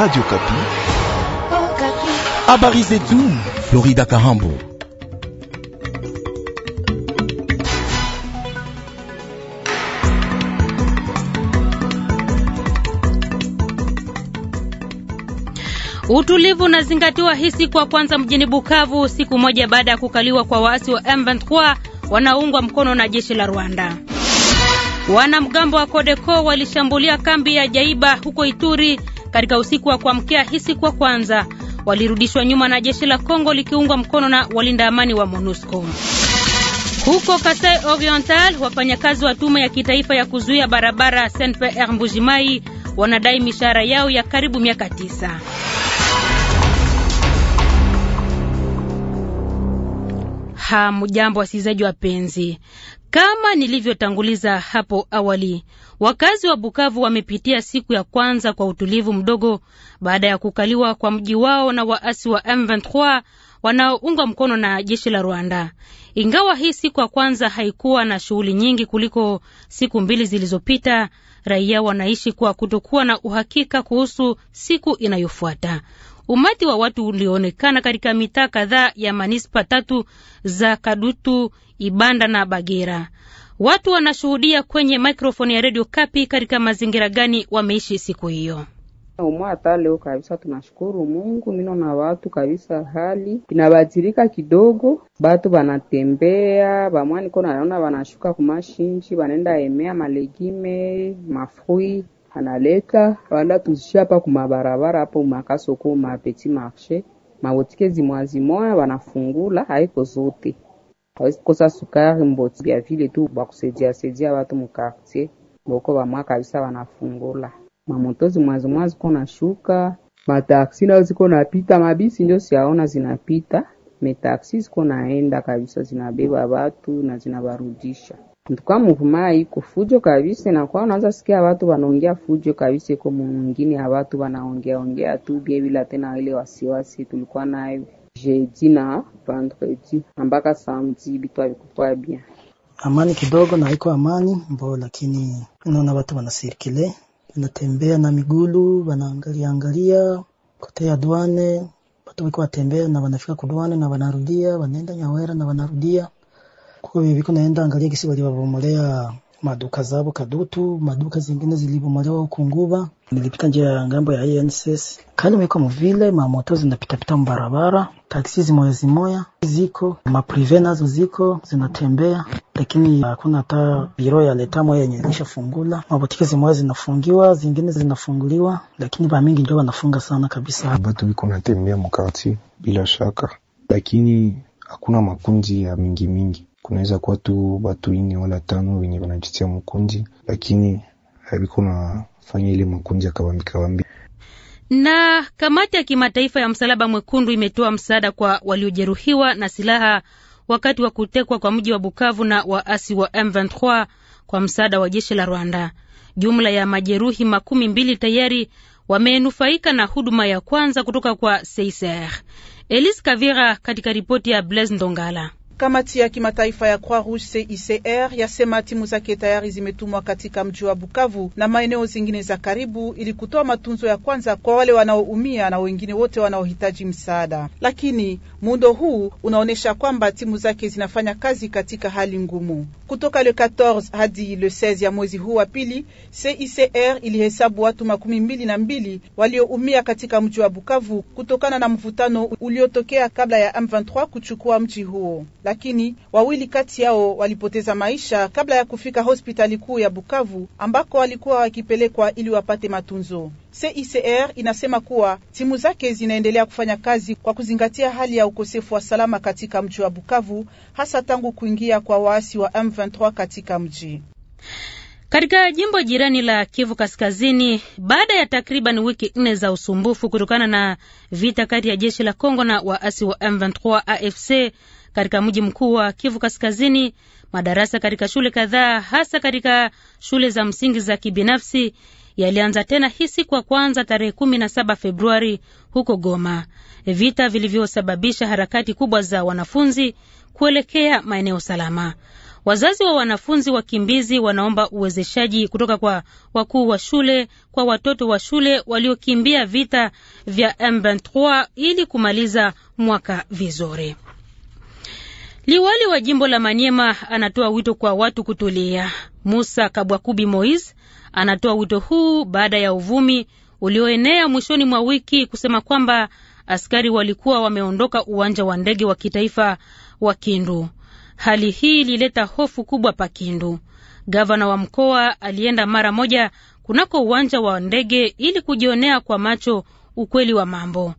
Radio oh, Kapi. Habari zetu, Florida Kahambo. Utulivu unazingatiwa hisi siku kwanza mjini Bukavu siku moja baada ya kukaliwa kwa waasi wa M23 wanaoungwa mkono na jeshi la Rwanda. Wanamgambo wa Kodeko walishambulia kambi ya Jaiba huko Ituri katika usiku wa kuamkia hisi kwa kwanza. Walirudishwa nyuma na jeshi la Kongo likiungwa mkono na walinda amani wa MONUSCO. Huko Kasai Oriental, wafanyakazi wa tume ya kitaifa ya kuzuia barabara Saint Pierre Mbujimai wanadai mishahara yao ya karibu miaka tisa. Hamjambo wasikilizaji wapenzi, kama nilivyotanguliza hapo awali, Wakazi wa Bukavu wamepitia siku ya kwanza kwa utulivu mdogo baada ya kukaliwa kwa mji wao na waasi wa M23 wanaoungwa mkono na jeshi la Rwanda. Ingawa hii siku ya kwanza haikuwa na shughuli nyingi kuliko siku mbili zilizopita, raia wanaishi kwa kutokuwa na uhakika kuhusu siku inayofuata. Umati wa watu ulioonekana katika mitaa kadhaa ya manispa tatu za Kadutu, Ibanda na Bagera. Watu wanashuhudia kwenye mikrofoni ya redio Kapi katika mazingira gani wameishi siku hiyo. Umwa hata leo kabisa, tunashukuru Mungu. Mino na watu kabisa, hali inabadilika kidogo, batu banatembea bamwaniko, naona banashuka kumashinji, banaenda emea malegime mafrui analeta wala tuzisha hapa kumabarabara hapo makasoko mapeti marshe mabotike zimwazimoya wanafungula haiko zote kosa sukari mboti bya vile tu bakusaidia saidia watu mukartier boko bamwa kabisa wanafungula mamotozi mwanzo mwanzo kona nashuka mataksi nayo ziko napita mabisi ndio siaona zinapita metaksi ziko naenda kabisa zinabeba watu na zinabarudisha ntuka muvuma iko fujo kabisa nakuwa unaanza sikia watu wanaongea fujo kabisa iko mwingine ya watu wanaongea ongea tu bie bila tena ile wasiwasi tulikuwa nayo jeudi na vendredi ambaka samedi bitu avikukuwa bien amani kidogo, na iko amani mbo, lakini naona watu wanasirikile wanatembea na migulu wanaangalia angalia kote ya duane, watu wiko watembea na wanafika kuduane na wanarudia, wanaenda Nyawera na wanarudia, kuko viko naenda angalia kisi waliwabomolea maduka zabo kadutu maduka zingine zilibomolewa huku Nguba, nilipita njia ya ngambo ya ANSS kali mwiko muvile, mamoto zinapitapita mbarabara, taksi zimoya zimoya ziko maprive nazo ziko zinatembea, lakini hakuna hata biro ya leta moya yenye ilishafungula. Mabotiki zimoya zinafungiwa zingine zinafunguliwa, lakini bamingi ndio wanafunga sana kabisa. Batu wiko natembea mkati bila shaka, lakini hakuna makundi ya mingi mingi kunaweza kuwa tu batu ine wala tano wenye wanajitia mkunji, lakini habiko nafanya ile makunji akawambi kawambi na kamati ya kimataifa ya Msalaba Mwekundu imetoa msaada kwa waliojeruhiwa na silaha wakati wa kutekwa kwa mji wa Bukavu na waasi wa M23 kwa msaada wa jeshi la Rwanda. Jumla ya majeruhi makumi mbili tayari wamenufaika na huduma ya kwanza kutoka kwa Seiser. Elise Kavira katika ripoti ya Blaise Ndongala. Kamati ya kimataifa ya Croix Rouge CICR yasema timu zake tayari zimetumwa katika mji wa Bukavu na maeneo zingine za karibu ili kutoa matunzo ya kwanza kwa wale wanaoumia na wengine wote wanaohitaji msaada. Lakini muundo huu unaonyesha kwamba timu zake zinafanya kazi katika hali ngumu. Kutoka le 14 hadi le 16 ya mwezi huu wa pili, CICR ilihesabu watu makumi mbili na mbili walioumia katika mji wa Bukavu kutokana na mvutano uliotokea kabla ya M23 kuchukua mji huo lakini wawili kati yao walipoteza maisha kabla ya kufika hospitali kuu ya Bukavu ambako walikuwa wakipelekwa ili wapate matunzo. CICR inasema kuwa timu zake zinaendelea kufanya kazi kwa kuzingatia hali ya ukosefu wa salama katika mji wa Bukavu, hasa tangu kuingia kwa waasi wa M23 katika mji. Katika jimbo jirani la Kivu Kaskazini, baada ya takriban wiki nne za usumbufu kutokana na vita kati ya jeshi la Kongo na waasi wa M23 AFC katika mji mkuu wa Kivu Kaskazini, madarasa katika shule kadhaa, hasa katika shule za msingi za kibinafsi yalianza tena hii siku ya kwanza tarehe 17 Februari huko Goma, vita vilivyosababisha harakati kubwa za wanafunzi kuelekea maeneo salama. Wazazi wa wanafunzi wakimbizi wanaomba uwezeshaji kutoka kwa wakuu wa shule kwa watoto wa shule waliokimbia vita vya M23 ili kumaliza mwaka vizuri. Liwali wa jimbo la Maniema anatoa wito kwa watu kutulia. Musa Kabwakubi mois anatoa wito huu baada ya uvumi ulioenea mwishoni mwa wiki kusema kwamba askari walikuwa wameondoka uwanja wa ndege wa kitaifa wa Kindu. Hali hii ilileta hofu kubwa pa Kindu. Gavana wa mkoa alienda mara moja kunako uwanja wa ndege ili kujionea kwa macho ukweli wa mambo.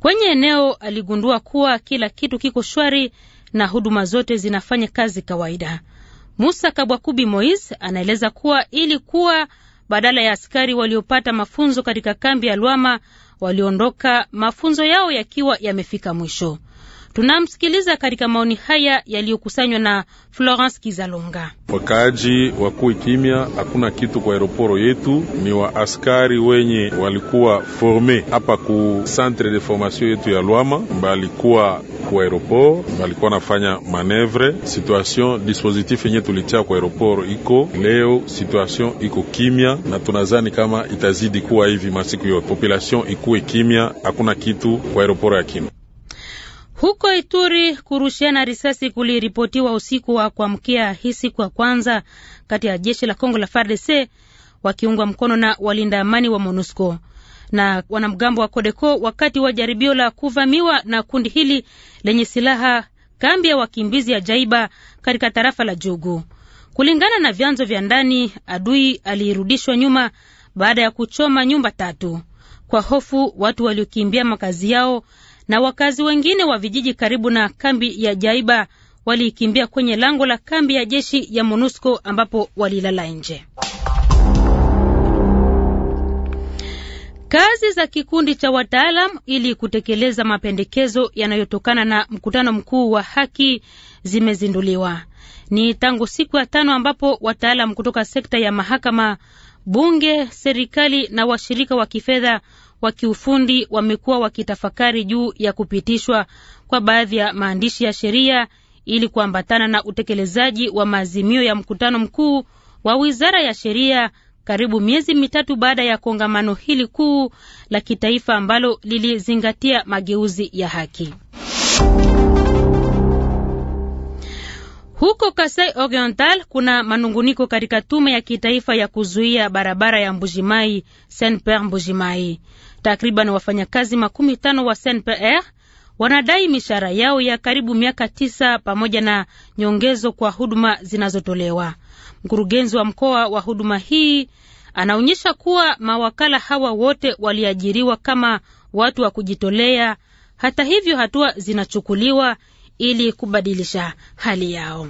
Kwenye eneo aligundua kuwa kila kitu kiko shwari na huduma zote zinafanya kazi kawaida. Musa Kabwakubi Mois anaeleza kuwa ili kuwa badala ya askari waliopata mafunzo katika kambi ya Lwama waliondoka, mafunzo yao yakiwa yamefika mwisho. Tunamsikiliza katika maoni haya yaliyokusanywa na Florence Kizalonga. Wakaaji wakuwe kimya, hakuna kitu kwa aeroporo yetu. Ni wa askari wenye walikuwa forme hapa ku centre de formation yetu ya Lwama, balikuwa ku aeroport balikuwa nafanya manevre. Situation dispositif yenye tulitia kwa aeroporo iko leo, situation iko kimya, na tunazani kama itazidi kuwa hivi masiku yote. Population ikuwe kimya, hakuna kitu kwa aeroporo ya kimya. Huko Ituri, kurushiana risasi kuliripotiwa usiku wa kuamkia hii siku ya kwanza kati ya jeshi la Kongo la FARDC wakiungwa mkono na walinda amani wa MONUSCO na wanamgambo wa CODECO wakati wa jaribio la kuvamiwa na kundi hili lenye silaha kambi ya wakimbizi ya Jaiba katika tarafa la Jugu. Kulingana na vyanzo vya ndani, adui alirudishwa nyuma baada ya kuchoma nyumba tatu. Kwa hofu, watu waliokimbia makazi yao na wakazi wengine wa vijiji karibu na kambi ya Jaiba waliikimbia kwenye lango la kambi ya jeshi ya MONUSCO ambapo walilala nje. Kazi za kikundi cha wataalam ili kutekeleza mapendekezo yanayotokana na mkutano mkuu wa haki zimezinduliwa. Ni tangu siku ya tano ambapo wataalam kutoka sekta ya mahakama, bunge, serikali na washirika wa kifedha wa kiufundi wamekuwa wakitafakari juu ya kupitishwa kwa baadhi ya maandishi ya sheria ili kuambatana na utekelezaji wa maazimio ya mkutano mkuu wa Wizara ya Sheria karibu miezi mitatu baada ya kongamano hili kuu la kitaifa ambalo lilizingatia mageuzi ya haki. Huko Kasai Oriental kuna manunguniko katika tume ya kitaifa ya kuzuia barabara ya Mbujimai Saint Pierre Mbujimai. Takriban wafanyakazi makumi tano wa SNPR wanadai mishahara yao ya karibu miaka tisa pamoja na nyongezo kwa huduma zinazotolewa. Mkurugenzi wa mkoa wa huduma hii anaonyesha kuwa mawakala hawa wote waliajiriwa kama watu wa kujitolea. Hata hivyo, hatua zinachukuliwa ili kubadilisha hali yao.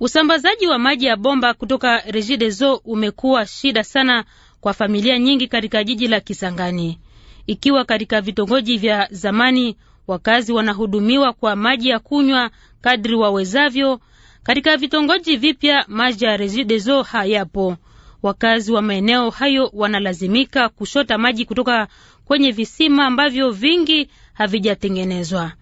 Usambazaji wa maji ya bomba kutoka Regideso umekuwa shida sana kwa familia nyingi katika jiji la Kisangani. Ikiwa katika vitongoji vya zamani wakazi wanahudumiwa kwa maji ya kunywa kadri wawezavyo, katika vitongoji vipya maji ya rezidezo hayapo. Wakazi wa maeneo hayo wanalazimika kushota maji kutoka kwenye visima ambavyo vingi havijatengenezwa.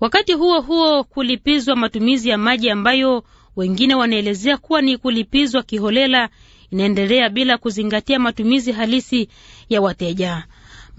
Wakati huo huo, kulipizwa matumizi ya maji ambayo wengine wanaelezea kuwa ni kulipizwa kiholela inaendelea bila kuzingatia matumizi halisi ya wateja.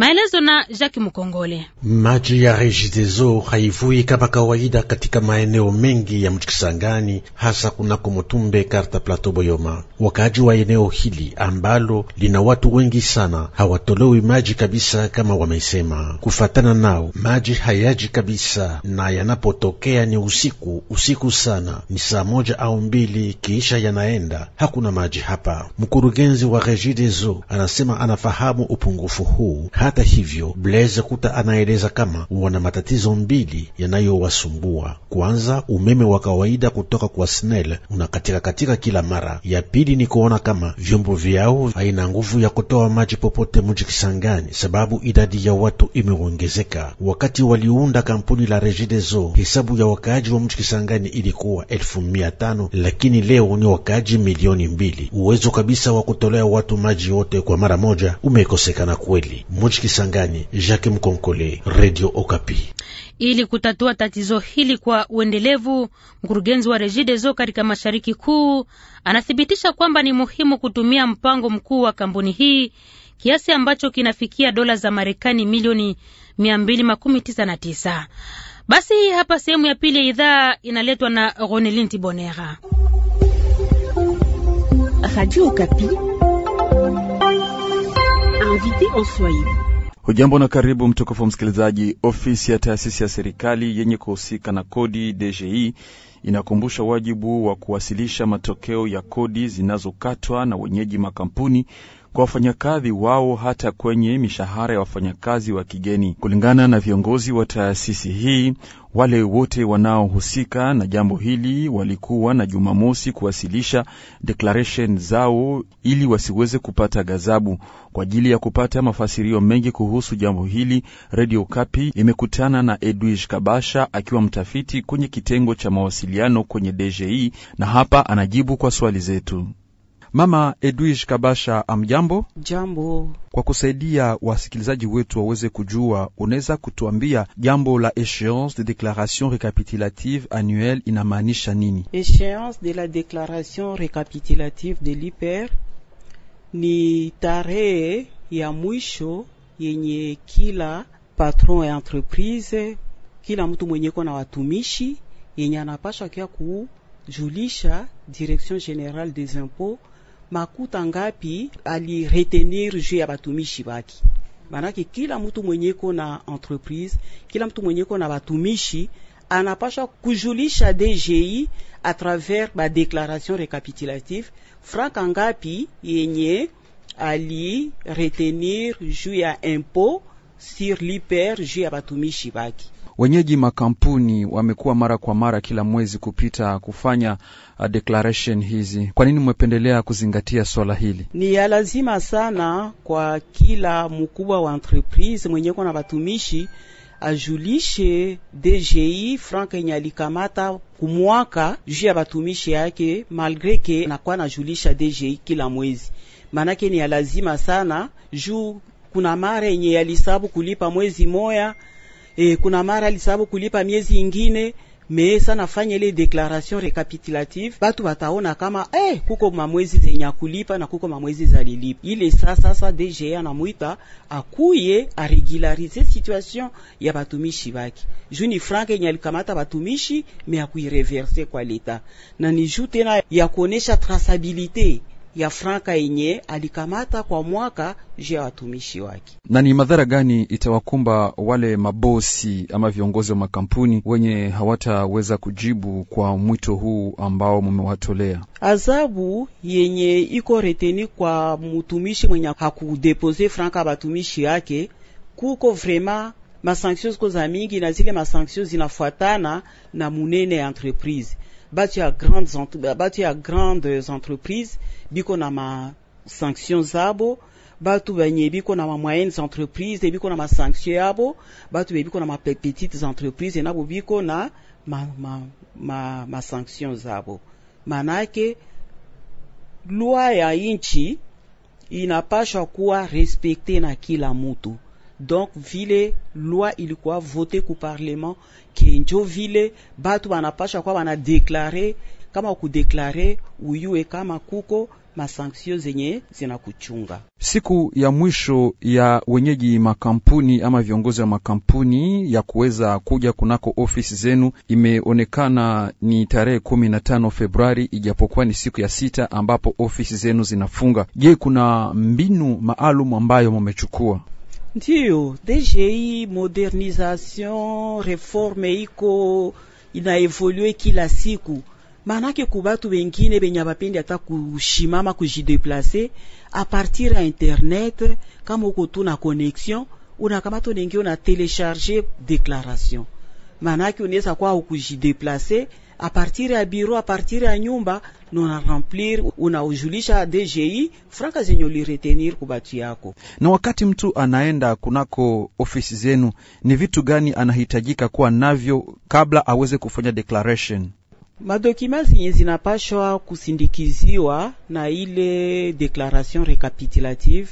Maelezo na Jacques Mukongole. Maji ya Regideso haivui kama kawaida katika maeneo mengi ya Mchikisangani, hasa kunako Mutumbe Karta Plateau Boyoma. Wakaji wa eneo hili ambalo lina watu wengi sana hawatolewi maji kabisa, kama wamesema. Kufatana nao, maji hayaji kabisa, na yanapotokea ni usiku usiku sana, ni saa moja au mbili, kiisha yanaenda, hakuna maji hapa. Mkurugenzi wa Regideso anasema anafahamu upungufu huu. Hata hivyo, Blaise Kuta anaeleza kama wana matatizo mbili yanayowasumbua. Kwanza, umeme wa kawaida kutoka kwa SNEL unakatika katika kila mara. Ya pili ni kuona kama vyombo vyao haina nguvu ya kutoa maji popote mji Kisangani, sababu idadi ya watu imeongezeka. Wakati waliunda kampuni la Regideso, hesabu ya wakaaji wa mji Kisangani ilikuwa elfu mia tano lakini leo ni wakaaji milioni mbili. Uwezo kabisa wa kutolea watu maji yote kwa mara moja umekosekana kweli mji Kisangani, Jacques Mkonkole, Radio Okapi. Ili kutatua tatizo hili kwa uendelevu, mkurugenzi wa Regideso katika mashariki kuu anathibitisha kwamba ni muhimu kutumia mpango mkuu wa kampuni hii kiasi ambacho kinafikia dola za Marekani milioni 299. Basi hii hapa sehemu ya pili ya idhaa inaletwa na Ronelin Tibonera. Radio Okapi. Invité en Swahili. Hujambo na karibu mtukufu msikilizaji. Ofisi ya taasisi ya serikali yenye kuhusika na kodi DGI e, inakumbusha wajibu wa kuwasilisha matokeo ya kodi zinazokatwa na wenyeji makampuni kwa wafanyakazi wao hata kwenye mishahara ya wafanyakazi wa kigeni. Kulingana na viongozi wa taasisi hii, wale wote wanaohusika na jambo hili walikuwa na Jumamosi kuwasilisha declaration zao ili wasiweze kupata gazabu. Kwa ajili ya kupata mafasirio mengi kuhusu jambo hili, Radio Kapi imekutana na Edwige Kabasha akiwa mtafiti kwenye kitengo cha mawasiliano kwenye DGI, na hapa anajibu kwa swali zetu. Mama Edwige Kabasha, amjambo. Jambo. Kwa kusaidia wasikilizaji wetu waweze kujua, unaweza kutuambia jambo la échéance de déclaration récapitulative annuelle inamaanisha nini? Échéance de la déclaration récapitulative de l'IPER ni tarehe ya mwisho yenye kila patron ya entreprise, kila mtu mwenye ko na watumishi yenye anapashwa kia kujulisha direction générale des impôts makuta ngapi aliretenir juu ya batumishi baki Manake kila mtu mwenyeko na entreprise, kila mtu mwenyeko na batumishi anapasha kujulisha DGI a travers ba declaration recapitulative franka ngapi yenye ali retenir juu ya impôt sur liper juu ya batumishi baki wenyeji makampuni wamekuwa mara kwa mara kila mwezi kupita kufanya uh, declaration hizi. Kwa nini mmependelea kuzingatia swala hili? Ni ya lazima sana kwa kila mkubwa wa entreprise mwenyeko na watumishi ajulishe DGI frank yenye alikamata kumwaka juu ya batumishi yake, malgre ke nakuwa najulisha DGI kila mwezi, maanake ni ya lazima sana juu kuna mara yenye yalisabu kulipa mwezi moya e, kuna mara alisababu kulipa miezi ingine meesa nafanya ile declaration recapitulative, batu bataona kama eh, kuko mamwezi zenye kulipa na kuko mamwezi zalilipa. Ile sasa sasa DGA anamwita akuye aregularize situation ya batumishi baki juni frank yenye alikamata batumishi me akuireverse kwa leta, na ni juu tena ya kuonesha traçabilité ya franka yenye alikamata kwa mwaka juu ya watumishi wake. Na ni madhara gani itawakumba wale mabosi ama viongozi wa makampuni wenye hawataweza kujibu kwa mwito huu ambao mumewatolea? Adhabu yenye iko reteni kwa mtumishi mwenye hakudepose franka ya batumishi yake kuko vrema masanktio ziko za mingi, na zile masanktio zinafuatana na munene ya entreprise batu ya grandes, euh, batu ya grandes entreprises biko na ma sanction zabo batu benye biko na ma moyennes entreprises biko na ma sanction yabo batu benye biko na ma petites entreprises nabo biko na ma, ma, ma, ma sanction zabo manake lwa ya inchi inapashwa kuwa respecte na kila mutu donc vile loi ilikuwa vote ku parlement kenjo vile batu banapasha kwa banadeklare kama kudeklare uyue kama kuko masanksio zenye zinakuchunga. Siku ya mwisho ya wenyeji makampuni ama viongozi wa makampuni ya kuweza kuja kunako ofisi zenu imeonekana ni tarehe kumi na tano Februari, ijapokuwa ni siku ya sita ambapo ofisi zenu zinafunga. Je, kuna mbinu maalum ambayo mumechukua? ndio DGI modernisation reforme iko inaevolue kila siku, maanake kubatu wengine benye abapendi ata kushimama kujideplace a partir ya internet. Kama uko tu na connexion, unakamata unaingia una telecharge declaration maanake unaweza kwa kujideplace apartiri ya biro partir ya nyumba nona remplir, unaujulisha DGI franka zenye uliretenir kubatu yako. Na wakati mtu anaenda kunako ofisi zenu, ni vitu gani anahitajika kuwa navyo kabla aweze kufanya declaration? Madokima zenye zinapashwa kusindikiziwa na ile declaration recapitulative,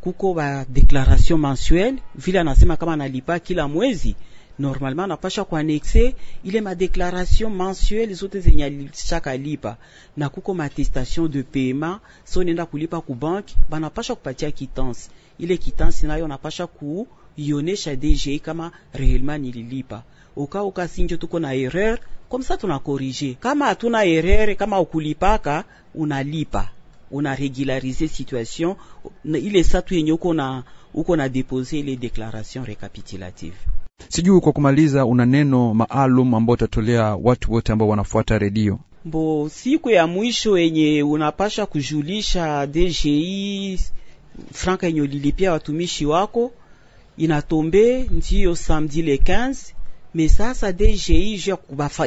kuko ba declaration mensuelle vile anasema kama analipa kila mwezi Normalement napasha est ile déclaration mensuelle zote zenye alishaka lipa na kuko attestation de paiement. So nenda kulipa ku n'a banapasha kupatia kitansi. Ile kitansi nayo napasha kuionesha DG kama reellement nililipa. Oka oka sinjo tuko na erreur, comme ça tunakorije. Kama n'a erreur, kama ukulipaka unalipa una régularisé situation ile satu yenye uko na uko na déposé les déclarations récapitulatives Sijui kwa kumaliza, una neno maalum ambao utatolea watu wote ambao wanafuata redio mbo siku ya mwisho yenye unapasha kujulisha DGI franka yenye ulilipia watumishi wako inatombe ndiyo samedi le 15 me sasa DGI ju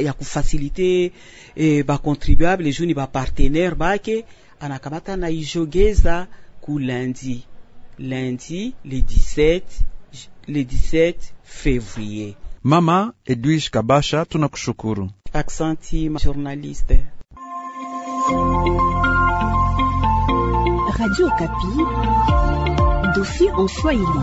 ya kufasilite eh, bacontribuable juni ni bapartenere bake anakamata na ijogeza ku lundi lundi le 17 le 17 février. Mama Edwige Kabasha, tunakushukuru. Aksanti journaliste. Radio Kapi, dossier en Swahili.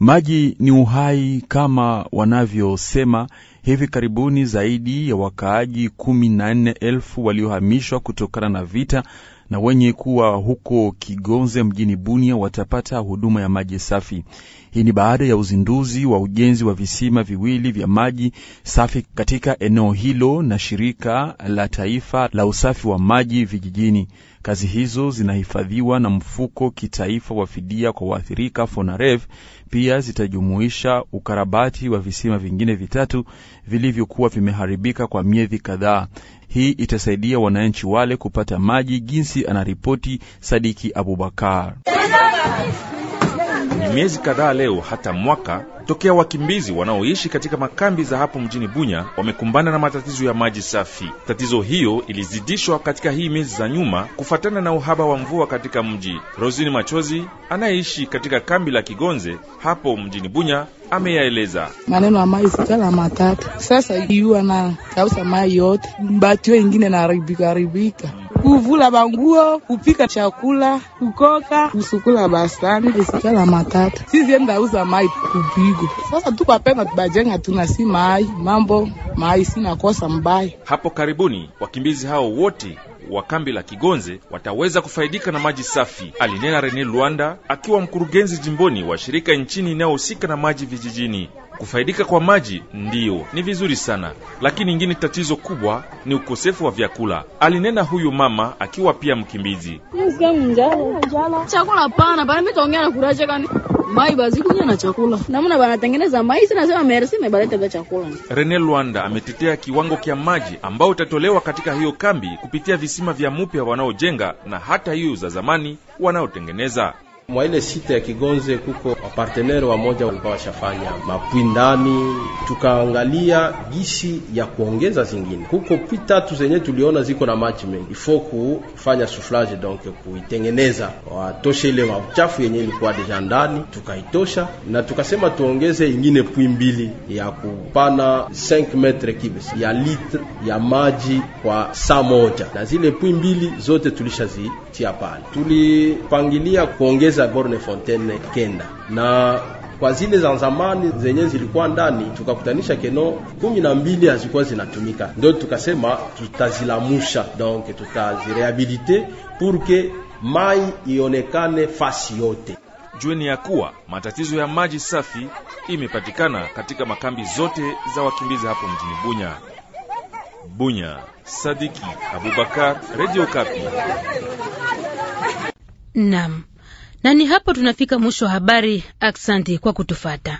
Maji ni uhai kama wanavyosema. Hivi karibuni zaidi ya wakaaji kumi na nne elfu waliohamishwa kutokana na vita na wenye kuwa huko Kigonze mjini Bunia watapata huduma ya maji safi. Hii ni baada ya uzinduzi wa ujenzi wa visima viwili vya maji safi katika eneo hilo na shirika la taifa la usafi wa maji vijijini. Kazi hizo zinahifadhiwa na mfuko kitaifa wa fidia kwa waathirika FONAREV. Pia zitajumuisha ukarabati wa visima vingine vitatu vilivyokuwa vimeharibika kwa miezi kadhaa. Hii itasaidia wananchi wale kupata maji, jinsi anaripoti Sadiki Abubakar. Ni miezi kadhaa leo hata mwaka tokea wakimbizi wanaoishi katika makambi za hapo mjini Bunya wamekumbana na matatizo ya maji safi. Tatizo hiyo ilizidishwa katika hii miezi za nyuma kufatana na uhaba wa mvua katika mji. Rosini Machozi anayeishi katika kambi la Kigonze hapo mjini Bunya ameyaeleza maneno ya maji sikala matata sasa iwa na kausa mai yote mbatio ingine na haribika haribika mm kuvula banguo, kupika chakula, kukoka, kusukula bastani, kusikala matata. Sisi enda uza mai kupigo. Sasa tukapenga tubajenga tuna si mai, mambo mai sina kosa mbaya. Hapo karibuni wakimbizi hao wote wa kambi la Kigonze wataweza kufaidika na maji safi, alinena Rene Luanda akiwa mkurugenzi jimboni wa shirika nchini inayohusika na maji vijijini. Kufaidika kwa maji ndiyo ni vizuri sana, lakini ingine tatizo kubwa ni ukosefu wa vyakula, alinena huyu mama akiwa pia mkimbizi. Chakula pana bana, mitongea na kuraje kani mai kunya na chakula namna banatengeneza mai sema merci za chakula. Rene Lwanda ametetea kiwango kya maji ambao utatolewa katika hiyo kambi kupitia visima vya mupya wanaojenga na hata hiyo za zamani wanaotengeneza mwa ile site ya Kigonze kuko wapartenere wamoja walikuwa washafanya mapwi ndani, tukaangalia gisi ya kuongeza zingine. Kuko pwi tatu zenye tuliona ziko na maji mengi, ifo kufanya soufflage, donc kuitengeneza, watoshe ile mauchafu yenye ilikuwa deja ndani, tukaitosha na tukasema tuongeze ingine pwi mbili ya kupana 5 metre kibes ya litre ya maji kwa saa moja, na zile pwi mbili zote tulishazitia pale, tulipangilia kuongeza za Borne Fontaine kenda na kwa zile za zamani zenye zilikuwa ndani tukakutanisha keno kumi na mbili hazikuwa zinatumika, ndio tukasema tutazilamusha, donc tutazirehabilite purke mai ionekane fasi yote. Jueni ya kuwa matatizo ya maji safi imepatikana katika makambi zote za wakimbizi hapo mjini Bunya. Bunya, Sadiki Abubakar, Radio Kapi. Naam. Na ni hapo tunafika mwisho wa habari. Aksanti kwa kutufata.